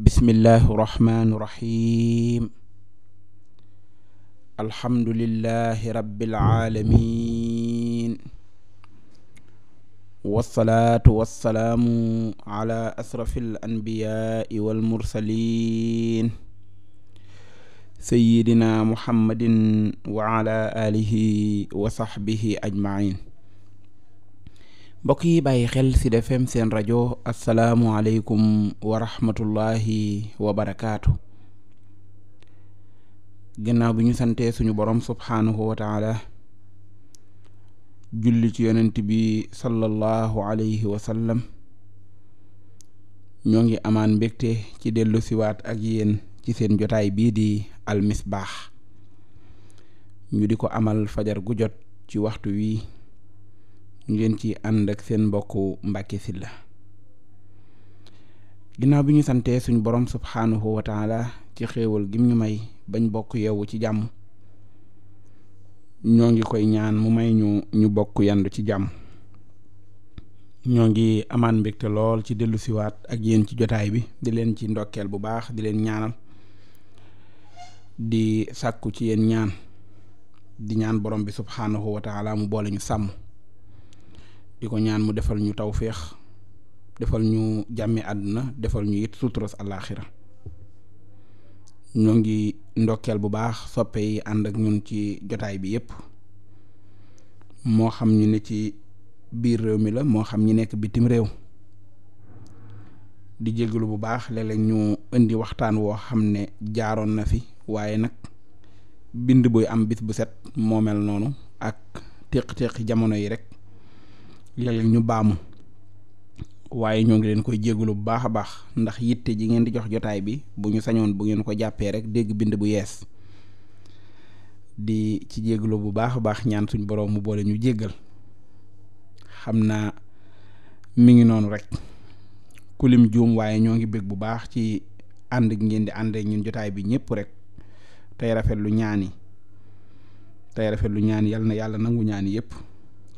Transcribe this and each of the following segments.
bismillahi irrahmani irrahim alhamdulilahi rabiilalamin walsalaatu walsalaamu ala asrafi alanbiyaai walmursalin sayidina muhammadin wa ala alihi wa saxbihi ajmain mbokk yi bàyyi xel ci Sud seen rajo asalaamualeykum wa rahmatullahi wa barakaatu gannaaw bi ñu santee suñu borom subhaanahu wa julli ci yonent bi sallallahu alayhi wa sallam ñoo ngi amaan mbégte ci dellu siwaat ak yéen ci seen jotaay bii di Al Misbah ñu di ko amal fajar gu jot ci waxtu wii ngeen ci ànd ak seen mbokku Mbacke la ginnaaw bi ñu santee suñu borom subxanahu wa taala ci xéewal gim ñu may bañ bokk yeewu ci jàmm ñoo ngi koy ñaan mu ñu bokk yandu ci jàmm ñoo ngi amaan mbégte lool ci dellusiwaat ak yéen ci jotaay bi di leen ci ndokkeel bu baax di leen ñaanal di sàkku ci yéen ñaan di ñaan borom bi subxanahu wa taala mu boole ñu sàmm. di ko ñaan mu defal ñu tawféex defal ñu jàmmi àdduna defal ñu it suturos àllaaxira ñoo ngi ndokkeel bu baax soppe yi ànd ak ñun ci jotaay bi yépp moo xam ñu ne ci biir réew mi la moo xam ñi nekk bitim réew di jégalu bu baax léeg ñu indi waxtaan woo xam ne jaaroon na fi waaye nag bind buy am bis bu set moo noonu ak téq-téqi jamono yi rek léeg ñu baamu waaye ñoo ngi leen koy jégalu bu baax a baax ndax yitte ji ngeen di jox jotaay bi bu ñu sañoon bu ngeen ko jàppee rek dégg bind bu yees di ci jégalu bu baax a baax ñaan suñ boroom mu boole ñu jéggal xam naa mi ngi noonu rek kulim juum waaye ñoo ngi bég bu baax ci ànd ngeen di àndee ñun jotaay bi ñëpp rek tey rafet lu ñaan yi tey rafet lu ñaan yal na yàlla nangu ñaani yëpp.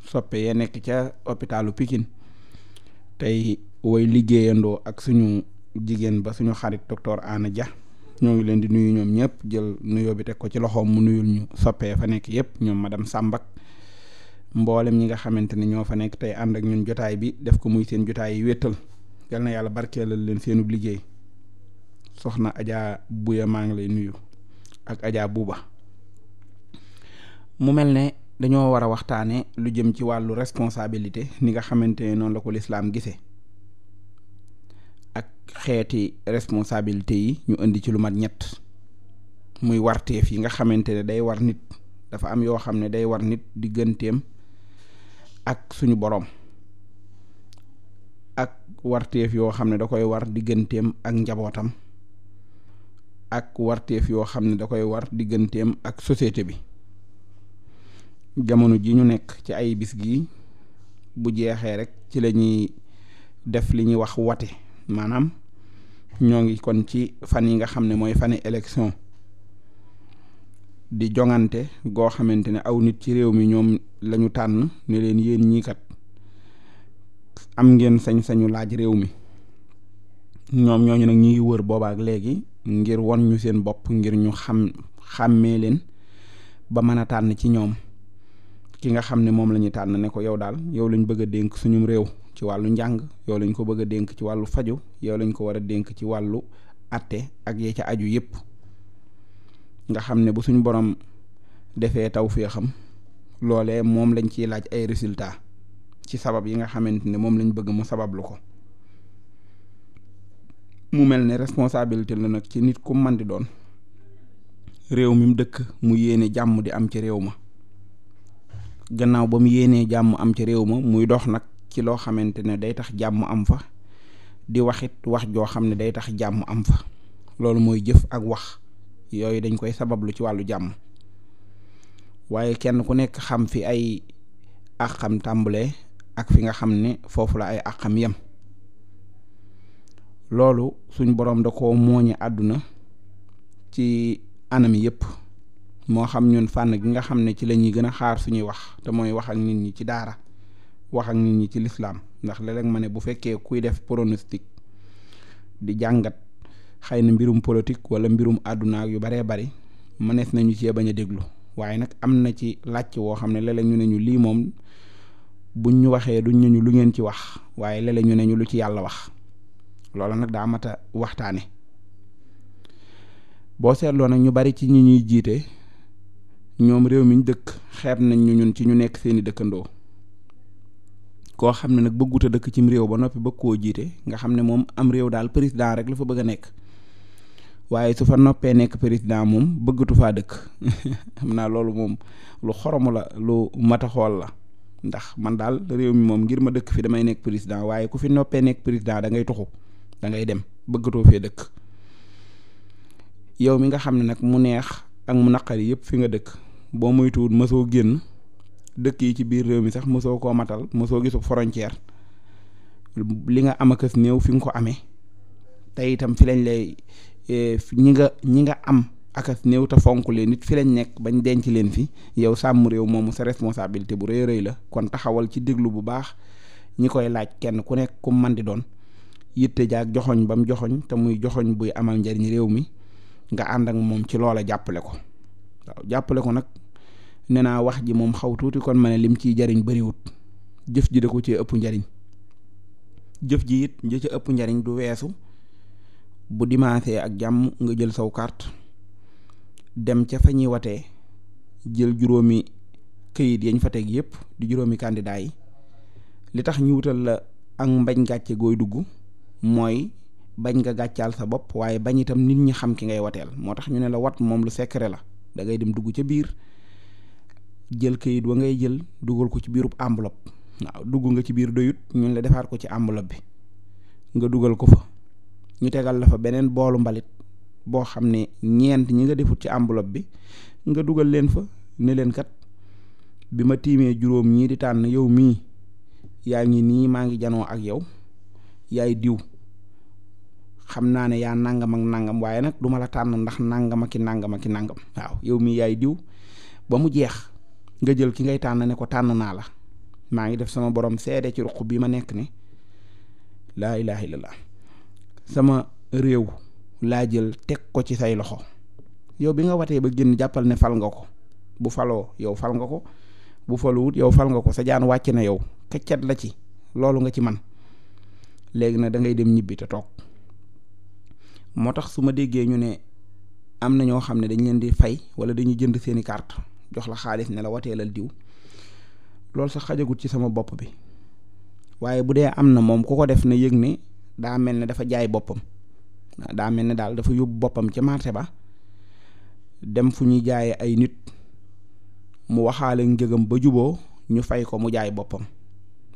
soppe ya nekk ca hôpitalu Pikine tey woy liggéeyandoo ak suñu jigéen ba suñu xarit docteur Anna Dia ñoo ngi leen di nuyu ñoom ñëpp jël nuyoo bi teg ko ci loxoom mu nuyul ñu soppee fa nekk yëpp ñoom ma madame sàmbag mboolem ñi nga xamante ne ñoo fa nekk tey ànd ak ñun jotaay bi def ko muy seen jotaay yi wétal yal na yàlla barkeelal leen seenub liggéey soxna Adja Buya maa ngi lay nuyu ak Adja Buuba mu mel ne dañoo war a waxtaane lu jëm ci wàllu responsabilité ni nga xamante ne noonu la ko lislaam gise ak xeeti responsabilité yi ñu indi ci lu mat ñett muy warteef yi nga xamante ne day war nit dafa am yoo xam ne day war nit digganteem ak suñu boroom ak warteef yoo xam ne da koy war digganteem ak njabootam ak warteef yoo xam ne da koy war digganteem ak société bi jamono ji ñu nekk ci ay bis gi bu jeexee rek ci la ñuy def li ñuy wax wate maanaam ñoo ngi kon ci fan yi nga xam ne mooy fani élection di jongante goo xamante ne aw nit ci réew mi ñoom lañu tànn ne leen yéen ñii am ngeen sañ-sañu laaj réew mi ñoom ñooñu nag ñu ngi wër boobaak léegi ngir won ñu seen bopp ngir ñu xàmmee leen ba mën a tànn ci ñoom ki nga xam ne moom la ñu tànn ne ko yow daal yow lañu bëgg a dénk suñu réew ci wàllu njàng yow lañu ko bëgg a dénk ci wàllu faju yow lañ ko war a dénk ci wàllu atte ak ya ca aju yépp nga xam ne bu suñu borom defee taw féexam loole moom lañ ciy laaj ay résultat ci sabab yi nga xamante ne moom lañ bëgg mu sabablu ko mu mel ne responsabilité la nag ci nit ku mën di doon réew mi mu dëkk mu yéene jàmm di am ci réew ma gannaaw ba mu yéenee jàmm am ci réew ma muy dox nag ci loo xamante ne day tax jàmm am fa di waxit wax joo xam ne day tax jàmm am fa loolu mooy jëf ak wax yooyu dañ koy sabablu ci wàllu jàmm waaye kenn ku nekk xam fi ay àqam tàmbalee ak fi nga xam ne foofu la ay àqam yem loolu suñ boroom da koo mooñe àdduna ci anami yépp moo xam ñun fànn gi nga xam ne ci lañuy ñuy gën a xaar suñuy wax te mooy wax ak nit ñi ci daara wax ak nit ñi ci lislaam ndax léeg ma ne bu fekkee kuy def pronostic di jàngat xëy na mbirum politique wala mbirum àdduna ak yu baree bari mënees nañu cee bañ a déglu waaye nag am na ci làcc woo xam ne léeg-léeg ñu ne ñu lii moom buñ ñu waxee duñ ñu lu ngeen ci wax waaye léeg ñu ne ñu lu ci yàlla wax loola nag daa mat waxtaane boo seetloo nag ñu bari ci ñi ñuy jiite. ñoom réew mi ñu dëkk xeeb nañ ñu ñun ci ñu nekk seeni dëkkandoo koo xam ne nag bëggut a dëkk cim réew ba noppi bëgg koo jiite nga xam ne moom am réew daal président rek la fa bëgg a nekk waaye su fa noppee nekk président moom bëggatu faa dëkk xam naa loolu moom lu xorom la lu mat xool la ndax man daal réew mi moom ngir ma dëkk fi damay nekk président waaye ku fi noppee nekk président da ngay tuxu da ngay dem bëggatoo fee dëkk yow mi nga xam ne nag mu neex ak mu naqari yëpp fi nga dëkk boo moytuwul mosoo génn dëkk yi ci biir réew mi sax mosoo koo matal mosoo gisu frontière li nga am akas néew fi nga ko amee te itam fi lañ lay e, ñi nga ñi nga am akas néew te fonk leen nit fi lañ nekk bañ denc leen fi yow sàmm réew moomu sa responsabilité bu rëy rëy la kon taxawal ci déglu bu baax ñi koy laaj kenn ku nekk ku man di doon yitte jaag joxoñ bam joxoñ te muy joxoñ buy amal njariñ réew mi nga ànd ak moom ci loola jàppale ko waaw jàppale ko nag nee naa wax ji moom xaw tuuti kon ma ne lim ciy jariñ bariwut jëf ji da ko cee ëpp njariñ jëf ji it ja ca ëpp njariñ du weesu bu dimaasee ak jàmm nga jël saw carte dem ca fa ñuy watee jël juróomi këyit yañ fa teg yépp di juróomi candidat yi li tax ñu wutal la ak mbañ gàcce gooy dugg mooy bañ nga gàccaal sa bopp waaye bañ itam nit ñi xam ki ngay wateel moo tax ñu ne la wat moom lu secret la da ngay dem dugg ca biir jël kayit wa ngay jël dugal ko ci biirub enveloppe waaw dugg nga ci biir doyut ñun la defaat ko ci enveloppe bi nga dugal ko fa ñu tegal la fa beneen boolu mbalit boo xam ne ñeent ñi nga defut ci enveloppe bi nga dugal leen fa ne leen kat bi ma tiimee juróom ñii di tànn yow mii yaa ngi nii maa ngi janoo ak yow yaay diw xam naa ne yaa nangam ak nangam waaye nag duma la tànn ndax nangam ak ki nangam ki nangam waaw yow mii yaay diw ba mu jeex nga jël ki ngay tànn ne ko tànn naa la maa ngi def sama borom seede ci ruq bi ma nekk ne laa ilaha illallah sama réew laa jël teg ko ci say loxo yow bi nga watee ba génn jàppal ne fal nga ko bu faloo yow fal nga ko bu faluwut yow fal nga ko sa jaan wàcc na yow keccat la ci loolu nga ci man léegi nag dangay dem ñibbi te toog moo tax su ma déggee ñu ne am na ñoo xam ne dañ leen di fay wala dañuy jënd seeni kart jox la xaalis ne la wateelal diw loolu sax xajagut ci sama bopp bi waaye bu dee am na moom ku ko def na yëg ne daa mel ne dafa jaay boppam daa mel ne daal dafa yóbbu boppam ca marché ba dem fu ñuy jaayee ay nit mu waxaale njëgam ba juboo ñu fay ko mu jaay boppam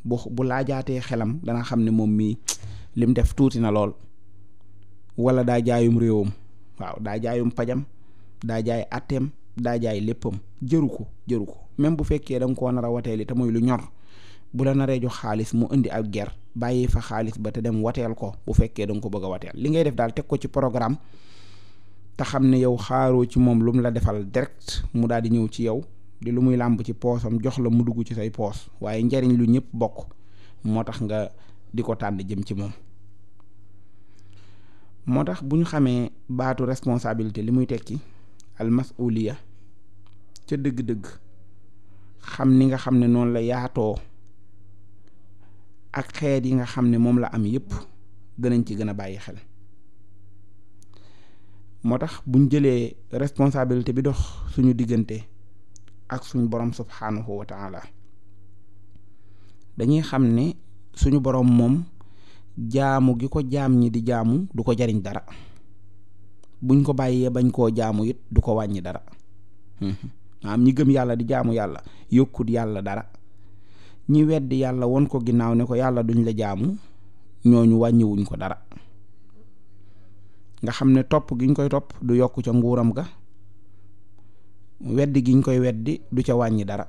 bu bu laajaatee xelam dana xam ne moom mii lim def tuuti na lool wala daa jaayum réewam waaw daa jaayum pajam daa jaay atteem daa jaay léppam jëru ko jëru ko même bu fekkee da nga koo nar a wateel te mooy lu ñor bu la naree jox xaalis mu indi ak ger bàyyi fa xaalis ba te dem wateel ko bu fekkee da nga ko bëgg a wateel li ngay def daal teg ko ci programme te xam ne yow xaaroo ci moom lu mu la defal direct mu daal di ñëw ci yow di lu muy làmb ci poosam jox la mu dugg ci say poos waaye njariñ lu ñëpp bokk moo tax nga di ko tànn jëm ci moom moo tax bu ñu xamee baatu responsabilité li muy tekki almasuliya ca dëgg-dëgg xam ni nga xam ne noonu la yaatoo ak xeet yi nga xam ne moom la am yépp danañ ci gën a bàyyi xel moo tax buñ jëlee responsabilité bi dox suñu diggante ak suñu borom subhaanahu wa dañuy xam ne suñu boroom moom jaamu gi ko jaam ñi di jaamu du ko jariñ dara buñ ko bàyyee bañ koo jaamu it du ko wàññi dara maanaam mhm. ñi gëm yàlla di jaamu yàlla yokkut yàlla dara ñi weddi yàlla won ko ginnaaw ne ko yàlla duñ la jaamu ñooñu wàññiwuñ ko dara nga xam ne topp giñ koy topp du yokk ca nguuram ga weddi giñ koy weddi du ca wàññi dara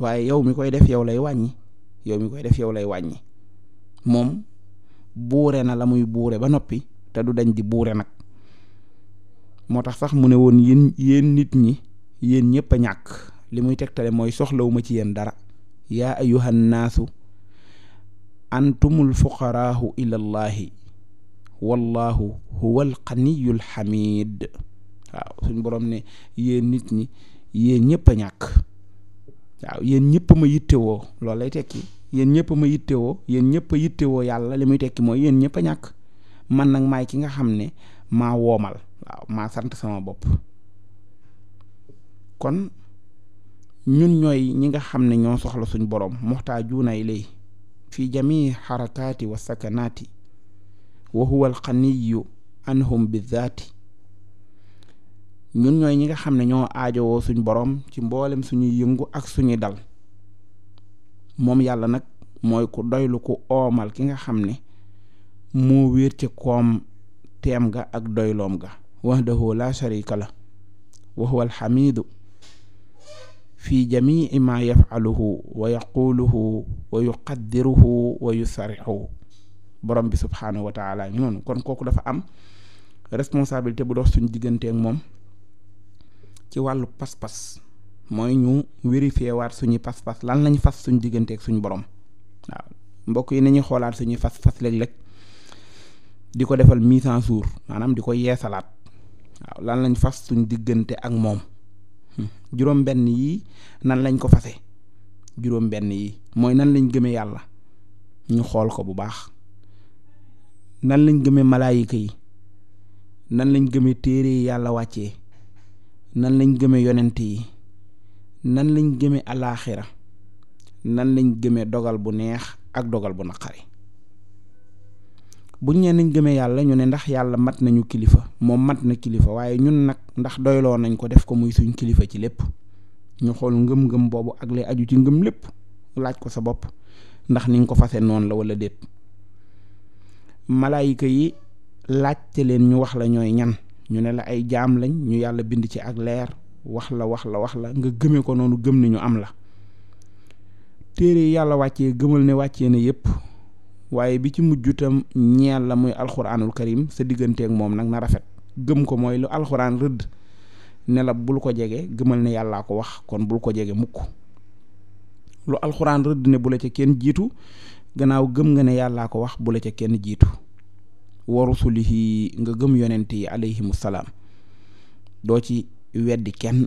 waaye yow mi koy def yow lay wàññi yow mi koy def yow lay wàññi moom buure na la muy buure ba noppi te du dañ di buure nag moo tax sax mu ne woon yéen yéen nit ñi yéen ñëpp a ñàkk li muy tegtale mooy soxlawuma ci yéen dara yaa ayuhan naasu antumul fuqaraahu ilallahi wallahu huwal xaniyul xamid waaw suñ boroom ne yéen nit ñi yéen ñëpp a ñàkk waaw yéen ñëpp ma yittewoo loolu lay tekki yéen ñëpp ma yittewoo yéen ñëpp a yittewoo yàlla li muy tekki mooy yéen ñëpp ñàkk man nag maay ki nga xam ne maa woomal waaw maa sant sama bopp kon ñun ñooy ñi nga xam ne ñoo soxla suñ boroom muxtaajuuna ilay fi jamii xarakaati wa sakanaati wa huwa alxaniyu anhum bi zaati ñun ñooy ñi nga xam ne ñoo aajowoo suñ boroom ci mboolem suñuy yëngu ak suñuy dal moom yàlla nag mooy ku doylu ku oomal ki nga xam ne moo wéer ci koom teem ga ak doyloom ga wahdahu la sharika la wa huwa alxamidu fi jamici ma yafaluhu wa yaquluhu wa yuqaddiruhu wa yusarixuhu borom bi subhaanahu wa taala noonu kon kooku dafa am responsabilité bu dox suñu digganteek moom ci wàllu pas-pas mooy ñu vérifier waat suñu pas-pas lan lañu fas suñu digganteek suñu borom waaw mbokk yi nañu xoolaat suñuy fas fas léeg-léeg di ko defal mise à maanaam di ko yeesalaat waaw lan lañ fas suñ diggante ak moom hmm. juróom benn yi nan lañ ko fase juróom benn yi mooy nan lañ gëme yàlla ñu xool ko bu baax nan lañ gëme malaayika yi nan lañ gëme téere yi yàlla wàccee nan lañ gëme yonent yi nan lañ gëme alaaxira nan lañ gëme dogal bu neex ak dogal bu naqari buñ nee nañ gëmee yàlla ñu ne ndax yàlla mat nañu kilifa moom mat na kilifa waaye ñun nag ndax doyloo nañ ko def ko muy suñ kilifa ci lépp ñu xool ngëm-ngëm boobu ak lay aju ci ngëm lépp laaj ko sa bopp ndax ni nga ko fase noonu la walla déet malaayika yi laajte leen ñu wax la ñooy ñan ñu ne la ay jaam lañ ñu yàlla bind ci ak leer wax la wax la wax la nga gëmee ko noonu gëm ne ñu am la téere yàlla wàccee gëmal ne wàccee na yépp waaye bi ci mujj ñeen ñeel la muy alxuraanul karim sa digganteek moom nag na rafet gëm ko mooy lu alxuraan rëdd ne bul ko jege gëmal ne yàllaa ko wax kon bul ko jege mukk lu alxuraan rëdd ne bu la ca kenn jiitu gannaaw gëm nga ne yàllaa ko wax bu la ca kenn jiitu wa rusulihi nga gëm yonent yi alayhimu salaam doo ci weddi kenn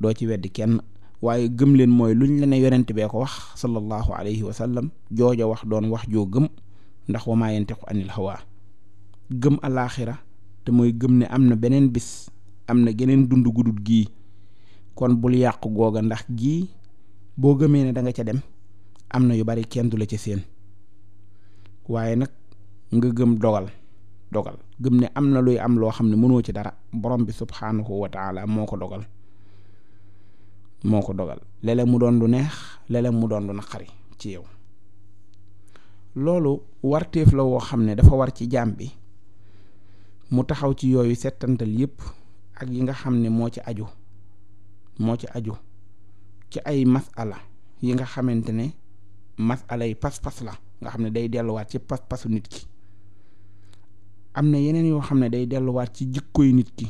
doo ci weddi kenn waaye gëm leen mooy luñ la ne yonent bee ko wax sallallahu alayhi wa sallam jooja wax doon wax joo gëm ndax wa maa yantiqu anil hawa gëm alaaxira te mooy gëm ne am na beneen bis am na geneen dund gudut gii kon bul yàq googa ndax gii boo gëmee ne danga ca dem am na yu bari kenn du la ca seen waaye nag nga gëm dogal dogal gëm ne am na luy am loo xam ne mënoo ci dara borom bi subhaanahu wa taala moo ko dogal moo ko dogal léeg mu doon lu neex léeg mu doon lu naqari ci yow loolu warteef la woo xam ne dafa war ci jaam bi mu taxaw ci yooyu setantal yépp ak yi nga xam ne moo ci aju moo ci aju ci ay masala yi nga xamante ne masala yi pas-pas la nga xam ne day delluwaat ci pas-pasu nit ki am na yeneen yoo xam ne day delluwaat ci jikkoy nit ki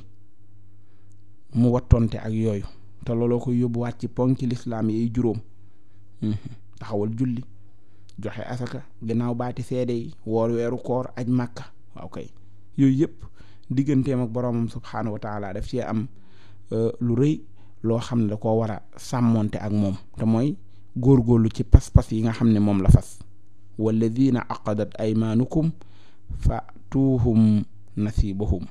mu wattonte ak yooyu te looloo koy yóbbuwaat ci ponk ci lislaam yi juróom mhm. taxawal julli joxe asaka ginnaaw baati seede yi woor weeru koor aj màkka waaw kay yooyu yëpp digganteem ak boroomam subxanahu wa taala daf cee am euh, lu rëy loo xam ne da koo war a sàmmoonte ak moom te mooy góorgóorlu ci pas-pas yi nga xam ne moom la fas walladina aqadat aymaanukum fatuuhum nasibahum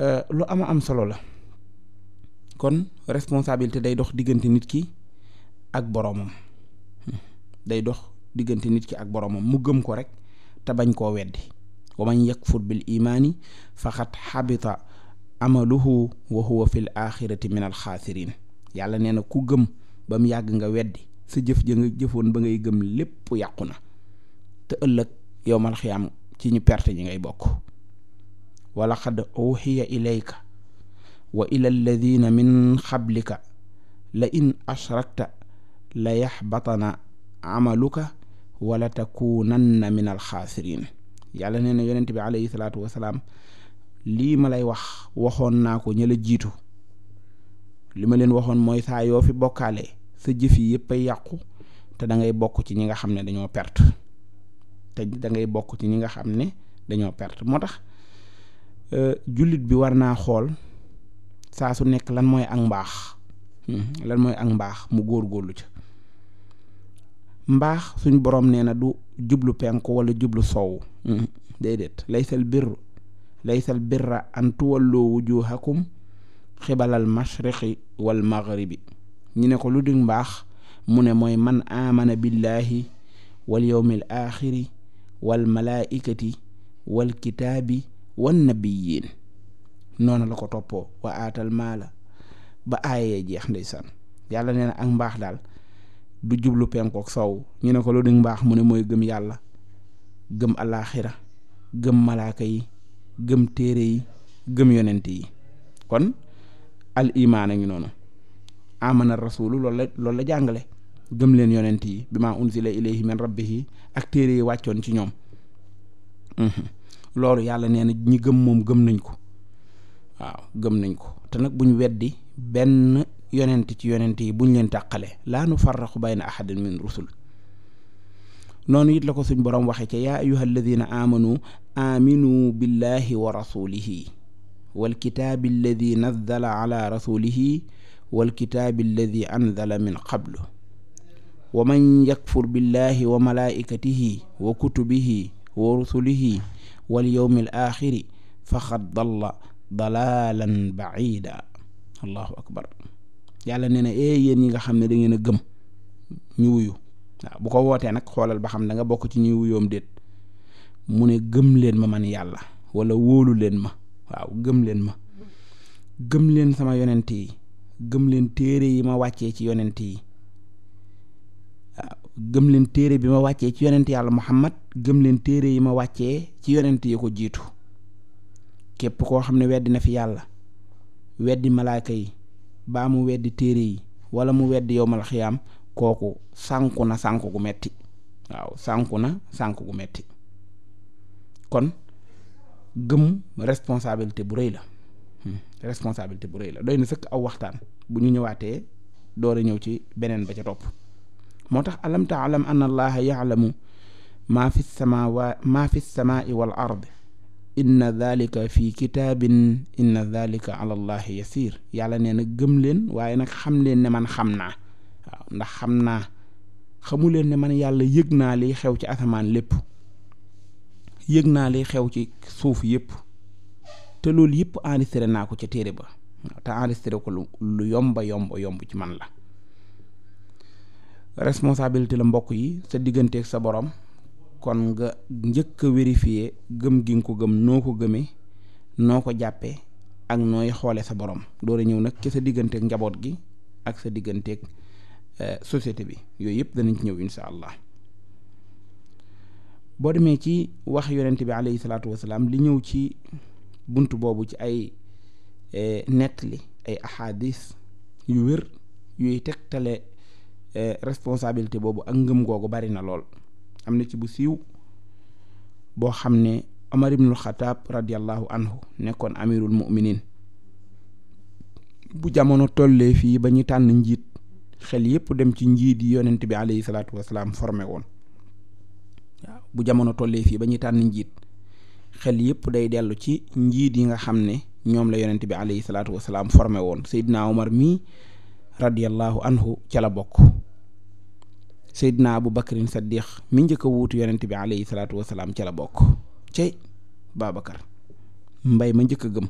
euh, lu ama am solo la kon responsabilité day dox diggante nit ki ak boroomam day dox diggante nit ki ak boroomam mu gëm ko rek te bañ koo weddi wa man yakfur bil imaani faqad xabita amaluhu wa huwa fil axirati min al xaasiriin yàlla nee na ku gëm ba mu yàgg nga weddi sa jëf ja nga jëfoon ba ngay gëm lépp yàqu na te ëllëg yowmal xiyaam ci ñu perte ñi ngay bokk wala xad uxiya ilayka wa ila alladina min xablika la in ashrakta la yaxbatana amaluka wala takunanna min alxaasirin yàlla nee na yonent bi alayhi salaatu wasalaam lii ma lay wax waxoon naa ko ña la jiitu li ma leen waxoon mooy saa yoo fi bokkaale sa jëf yi yëpp ay yàqu te dangay bokk ci ñi nga xam ne dañoo perte te dangay bokk ci ñi nga xam ne dañoo perte moo tax euh, jullit bi war naa xool saa su nekk lan mooy ak mbaax hmm, lan mooy ak mbaax mu góorgóorlu ca mbaax suñ boroom nee na du jublu penku walla jublu soow hmm, déedéet laysal birru laysal birra an tuwalloo wujuhakum xibalal mashriqi wal maghribi ñu ne ko lu di mbaax mu ne mooy man amana billahi wal yawmil axiri wal malaikati wal kitaabi wan nabiyin noonu la ko toppoo wa aatal maala ba aayee jeex ndeysaan yàlla nee na ak mbaax daal du jublu penkook sow ñu ne ko lu di mbaax mu ne mooy gëm yàlla gëm alaaxira gëm malaaka yi gëm téere yi gëm yonent yi kon al imaan a ngi noonu amana rasulu loolu la loolu la jàngale gëm leen yonent yi bi maa unzila ilayhi min rabbihi ak téere yi wàccoon ci ñoom mhm. loolu yàlla nee na ñi gëm moom gëm nañ ko waaw gëm nañ ko te nag buñ weddi benn yonent ci yonent yi buñ leen tàqale laa nu farraqu bayna ahadin min rusul noonu it la ko suñ borom waxee ca yaa ayuha alladina amanu aminu billahi wa rasulihi walkitaabi alladi nazzala ala rasulihi walkitaabi alladi anzala min qablu wa man yakfur billahi wa malaikatihi wa kutubihi wa rusulihi walyowmi al axiri faqad dalla dalaalan baida allahu akbar yàlla nee na ee eh, yéen yi nga xam ne dangeen a gëm ñu wuyu waaw bu ko wootee nag xoolal ba xam da nga bokk ci ñuy wuyoom déet mu ne gëm leen ma man yàlla wala wóolu leen ma waaw gëm leen ma gëm leen sama yonent yi gëm leen téere yi ma wàccee ci yonent yi gëm leen téere bi ma wàccee ci yonent yàlla muhammad gëm leen téere yi ma wàccee ci yonent yi ko jiitu képp koo xam ne weddi na fi yàlla weddi malaaka yi baa mu weddi téere yi wala mu weddi yowmal xiyaam kooku sànku na sànku gu metti waaw sànku na sànku gu metti kon gëm responsabilité bu rëy la hmm, responsabilité bu rëy la doy na sëkk aw waxtaan bu ñu ñëwaatee door a ñëw ci beneen ba ca topp moo tax alam taalam an allaha yaalamu sama maa fi samaai wal ard inna dhalika fi kitaabin inna dhalika ala allahi yàlla nee na gëm leen waaye nag xam leen ne man xam naa waaw ndax xam naa xamu leen ne man yàlla yëg naa liy xew ci asamaan lépp yëg naa liy xew ci suuf yëpp te loolu yëpp enregistré naa ko ca téere ba te enregistré ko lu yomba yomba yomb ci man la responsabilité la mbokk yi sa digganteek sa boroom kon nga njëkk a gëm gi nga ko gëm noo ko gëmee noo ko jàppee ak nooy xoole sa borom door a ñëw nag ci sa digganteeg njaboot gi ak sa digganteeg euh, société bi yooyu yëpp danañ ci ñëw insha allah boo demee ci wax yonent bi alayhi salaatu wasalaam li ñëw ci bunt boobu ci ay euh, nettali ay ahadis yu wér yuy tegtale euh, responsabilité boobu ak ngëm googu bari na lool am na ci bu siiw boo xam ne Omar ibnul Xataab radiallahu anhu nekkoon amirul muminin bu jamono tollee fii ba ñu tànn njiit xel yépp dem ci njiit yi bi alayhi salaatu formé woon bu jamono tollee fii ba ñuy tànn njiit xel yépp day dellu ci njiit yi nga xam ne ñoom la yonent bi alayhi salaatu wasalaam formé woon Seydina Omar mii radiallahu anhu ca la bokk seydina abu bakrin saddiq mi njëkk a wuutu yonent bi alayhi salaatu wasalaam ca la bokk cey babacar mbay ma njëkk a gëm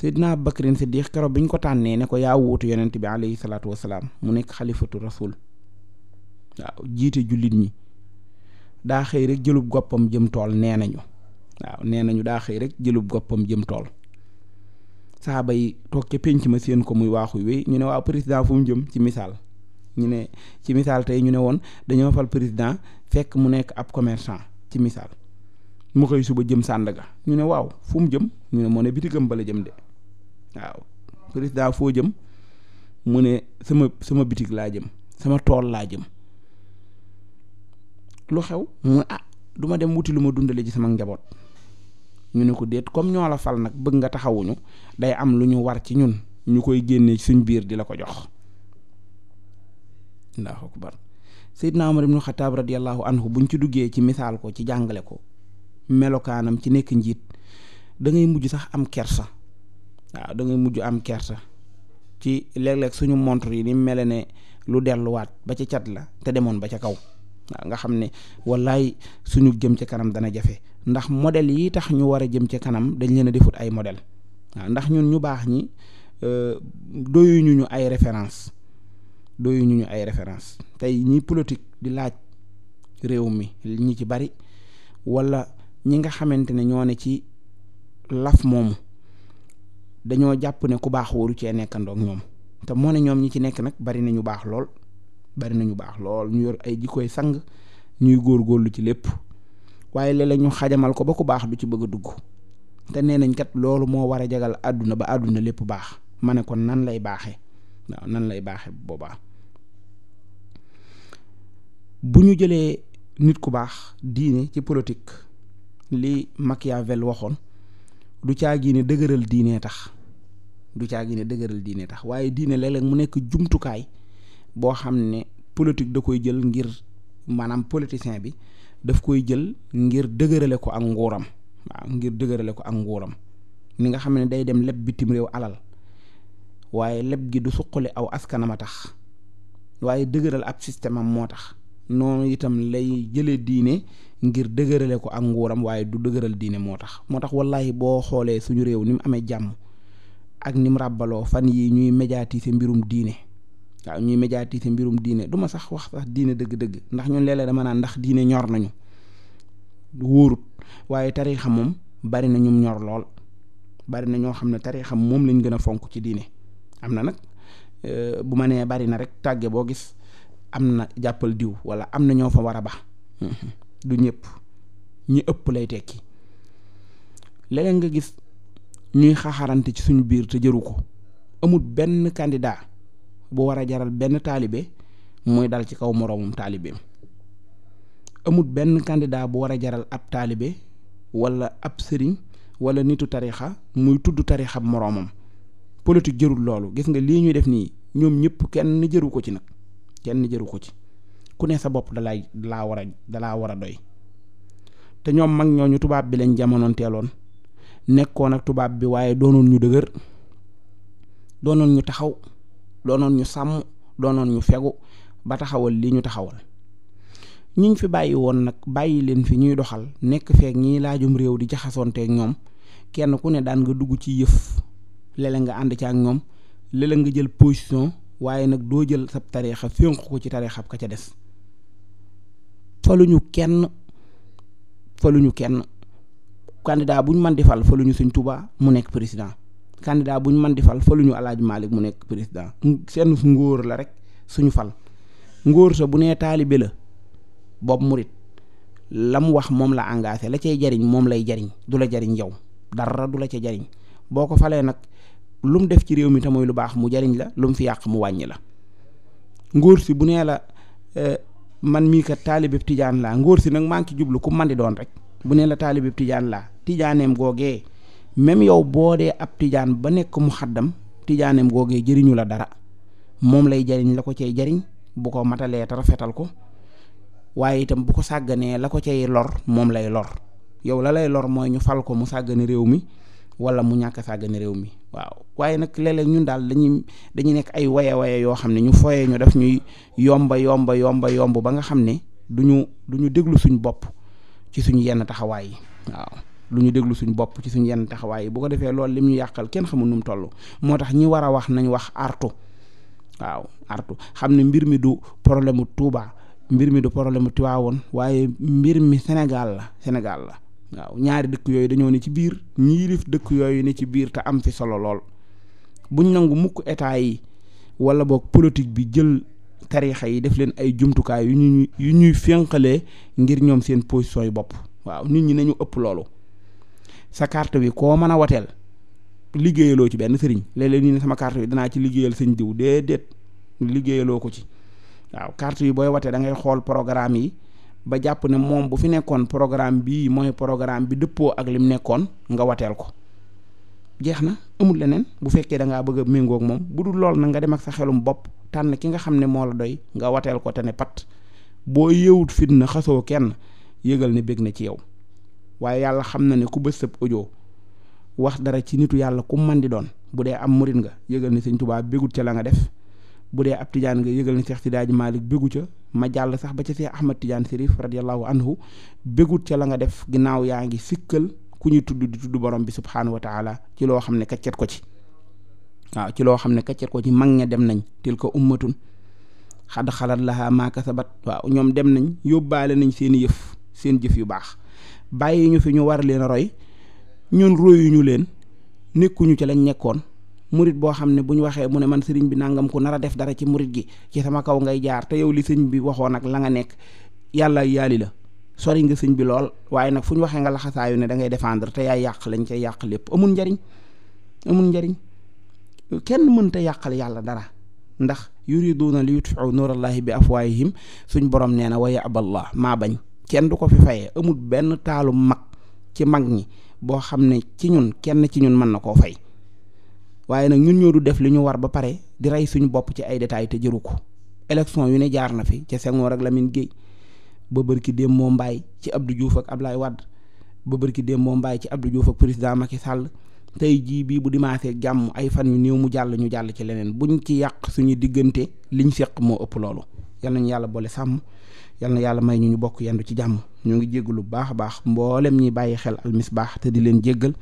seydina abu bakrin saddiq bi biñ ko tànnee ne ko yaa wuutu yonent bi alayhi salaatu wasalaam mu nekk xalifatu rasuul waaw jiite jullit ñi daa xëy rek jëlub goppam jëm tool nee nañu waaw nee nañu daa xëy rek jëlub goppam jëm tool saaba yi toog ca pénc ma seen ko muy waaxu wéy ñu ne waaw président fu mu jëm ci misaal ñu ne ci misaal tey ñu ne woon dañoo fal président fekk mu nekk ab commerçant ci misaal mu xëy suba jëm Sandaga ñu ne waaw fu mu jëm ñu ne moo ne bitigam bala jëm de waaw président foo jëm mu ne sama sama bitig laa jëm sama tool laa jëm lu xew mu ah du dem wuti lu ma dundale ci sama njaboot ñu ne ko déet comme ñoo la fal nag bëgg nga taxawuñu day am lu ñu war ci ñun ñu koy génnee suñ biir di la ko jox ndax allahu akbar seydina omar ibnu xataab radiallahu anhu buñ ci duggee ci misaal ko ci jàngale ko melokaanam ci nekk njiit da ngay mujj sax am kersa waaw dangay mujj am kersa ci léeg-léeg suñu montre yi ni mele ne lu delluwaat ba ca cat la te demoon ba ca kaw waaw nga xam ne wallaay suñu jëm ca kanam dana jafe ndax modèle yi tax ñu war a jëm ca kanam dañ leen a defut ay modèle waaw ndax ñun ñu baax ñi euh, doyuñu ñu ay référence doyu ñu ñu ay référence tey ñi politique di laaj réew mi ñi ci bari walla ñi nga xamante ne ñoo ne ci laf moomu dañoo jàpp ne ku baax waru cee nekkandoog ñoom te moo ne ñoom ñi ci nekk nag bari nañu baax lool bari nañu baax lool ñu yor ay jikkoy sang ñuy góor góorlu ci lépp waaye léeg-léeg ñu xajamal ko ba ku baax du ci bëgg a dugg te nee nañ kat loolu moo war a jagal àdduna ba àdduna lépp baax ma ne kon nan lay baaxee waaw nan lay baaxe boobaa bu ñu jëlee nit ku baax diine ci politique li Machiavel waxoon du caagi ne dëgëral diine tax du caagi ne dëgëral diine tax waaye diine léeg-léeg mu nekk jumtukaay boo xam ne politique da koy jël ngir maanaam politicien bi daf koy jël ngir dëgërale ko ak nguuram waaw ngir dëgërale ko ak nguuram ni nga xam ne day dem leb bitim réew alal waaye leb gi du suqali aw askanam a tax waaye dëgëral ab système am moo tax noonu itam lay jële diine ngir dëgërale ko ak nguuram waaye du dëgëral diine moo tax moo tax wallaahi boo xoolee suñu réew ni mu amee jàmm ak ni mu ràbbaloo fan yii ñuy si mbirum diine waaw ñuy si mbirum diine du ma sax wax sax diine dëgg-dëgg ndax ñun léeg-léeg dama naan ndax diine ñor nañu wóorut waaye tariixa moom bari na ñum ñor lool bari na ñoo xam ne tariixa moom lañ gën a fonk ci diine am na nag euh, bu ma nee bari na rek tàgge boo gis am na jàppal diw wala am na ñoo fa war a ba mhm. du ñëpp ñi ëpp lay tekki leneen nga gis ñuy xaaxarante ci suñu biir te jëru ko amul benn kàndidaa bu war a jaral benn taalibe mooy dal ci kaw moroomum taalibeem amul benn kàndidaa bu war a jaral ab taalibe wala ab sëriñ walla nitu tarixa muy tudd tarixa moroomam politique jërul loolu gis nga lii ñuy def nii ñoom ñëpp kenn jëru ko ci nag kenn jëru ko ci ku ne sa bopp dalay dalaa war a dalaa war a doy te ñoom mag ñoo ñu tubaab bi lañ jamonoon teeloon nekkoon ak tubaab bi waaye doonoon ñu dëgër doonoon ñu taxaw doonoon ñu sàmm doonoon ñu fegu ba taxawal lii ñu taxawal ñiñ fi bàyyi woon nag bàyyi leen fi ñuy doxal nekk feek ñiy laajum réew di jaxasoonteeg ñoom kenn ku ne daan nga dugg ci yëf léeg-léeg nga ànd ci ak ñoom léeg nga jël position waaye nag doo jël sab tariixa fénq ko ci tariixab ka ca des faluñu kenn faluñu kenn candidat buñ mën di fal faluñu Sëñ Tuubaa mu nekk président candidat buñ mën di faluñu Alaaji Maalik mu nekk président seen ngóor la rek suñu fal ngóor sa bu nee taalibe la boobu murit la mu wax moom la engagé la cay jariñ moom lay jariñ du la jariñ yow dara du la ca jariñ boo ko falee nag lu mu def ci réew mi te lu baax mu jariñ la lu mu fi yàq mu wàññi la ngóor si bu nee la eh, man mii kat taalibe tijaan laa ngóor si nag maa ngi jublu ku man di doon rek bu nee la taalibe tijaan laa tijaaneem googee même yow boo dee ab tijaan ba nekk mu xaddam tijaaneem googee jëriñu la dara moom lay jariñ la ko cay jariñ bu ko matalee te rafetal ko waaye itam bu ko sàgganee la ko cay lor moom lay lor yow la lay lor mooy ñu fal ko mu sàggane réew mi wala mu ñàkk sàggane réew mi waaw waaye nag léeg ñun daal dañuy dañu nekk ay waye waye yoo xam ne ñu fooyee ñu def ñuy yomba yomba yomba yomb ba nga xam ne du ñu déglu suñ bopp ci suñu yenn taxawaay yi waaw du ñu déglu suñ bopp ci suñ yenn taxawaay yi bu ko defee loolu lim ñu yàqal kenn xamul nu mu toll moo tax ñi war a wax nañ wax artu waaw artu xam ne mbir mi du problème mu Touba mbir mi du problème mu Tiwaawoon waaye mbir mi Sénégal la Sénégal la waaw ñaari dëkk yooyu dañoo ne ci biir ñi dëkk yooyu ne ci biir te am fi solo lool buñ nangu mukk état yi wala boog politique bi jël tarixa yi def leen ay jumtukaay yu ñuy yu ñuy fénqalee ngir ñoom seen position yi bopp waaw nit ñi nañu ëpp loolu sa carte bi koo mën a wateel liggéeyaloo ci benn sëriñ léeg-léeg ñu ne sama carte bi danaa ci liggéeyal sëñ diw déedéet liggéeyaloo ko ci waaw carte yi booy watee da ngay xool programme yi ba jàpp ne moom bu fi nekkoon programme bii mooy programme bi dëppoo ak lim nekkoon nga wateel ko jeex na amul leneen bu fekkee da ngaa bëgg a méngóog moom bu dul lool na nga dem ak sa xelum bopp tànn ki nga xam ne moo la doy nga wateel ko te ne pat boo yeewut fitna xasoo kenn yëgal ne bég na ci yow waaye yàlla xam na ne ku bës sab audio wax dara ci nitu yàlla ku man di doon bu dee am murit nga yëgal ne sëñ tubaab bégut ca la nga def bu dee ab tijaan nga yëgal na Cheikh Sidi Hadji Malick bégu ca ma jàll sax ba ca Cheikh Ahmad Tidiane Serif radiallahu anhu bégut ca la nga def ginnaaw yaa ngi sikkal ku ñuy tudd di tudd borom bi subhaanahu wa taala ci loo xam ne kaccet ko ci waaw ci loo xam ne kaccet ko ci mag ña dem nañ tilka ummatun xad xalat laha ma kasabat waaw ñoom dem nañ yóbbaale nañ seen yëf seen jëf yu baax bàyyi ñu fi ñu war leen a roy ñoon royuñu leen nekkuñu ci lañ nekkoon murit boo xam ne bu ñu waxee mu ne man sëriñ bi nangam ku nar a def dara ci murit gi ci sama kaw ngay jaar te yow li sëñ bi waxoon ak la nga nekk yàlla yaali la sori nga sëñ bi lool waaye nag fu ñu waxee nga laxasaayu ne dangay ngay te yaay yàq lañ cay yàq lépp amul njariñ amul njariñ kenn mën mënta yàqal yàlla dara ndax yuriduuna li yutfiu nuurallaahi bi afwaayihim suñ borom nee na wa yaballah maa bañ kenn du ko fi fayee amul benn taalum mag ci mag ñi boo xam ne ci ñun kenn ci ñun mën na koo fay waaye nag ñun ñoo du def li ñu war ba pare di rey suñu bopp ci ay détails te jëru ko élection yu ne jaar na fi ca Senghor ak Lamine Guèye ba bërki dem moo mbaay ci Abdou Diouf ak Ablaye Wade ba bërki dem moo mbaay ci Abdou Diouf ak président Macky Sall tey jii bii bu dimaasee jàmm ay fan yu néew mu jàll ñu jàll ci leneen buñ ci yàq suñu diggante liñ seq moo ëpp loolu yal nañu yàlla boole sàmm yal yàlla may ñu ñu bokk yendu ci jàmm ñoo ngi jéggalu bu baax a baax mboolem ñi bàyyi xel almisbaax te di leen jéggal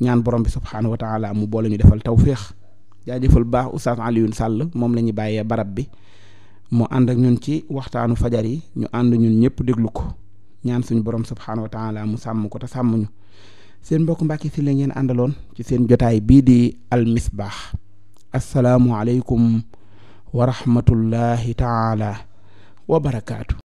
ñaan borom bi subhaanahu wa mu boole ñu defal tawféex jaajëfal baax oustaz Alioune Sall moom la ñu bàyyee barab bi mu ànd ak ñun ci waxtaanu fajar yi ñu ànd ñun ñëpp déglu ko ñaan suñu borom subhaanahu wa mu sàmm ko te sàmm ñu seen mbokk Mbàkke si la ngeen àndaloon ci seen jotaay bii di almisbaax asalaamualeykum wa rahmatullahi taala wa barakaatu.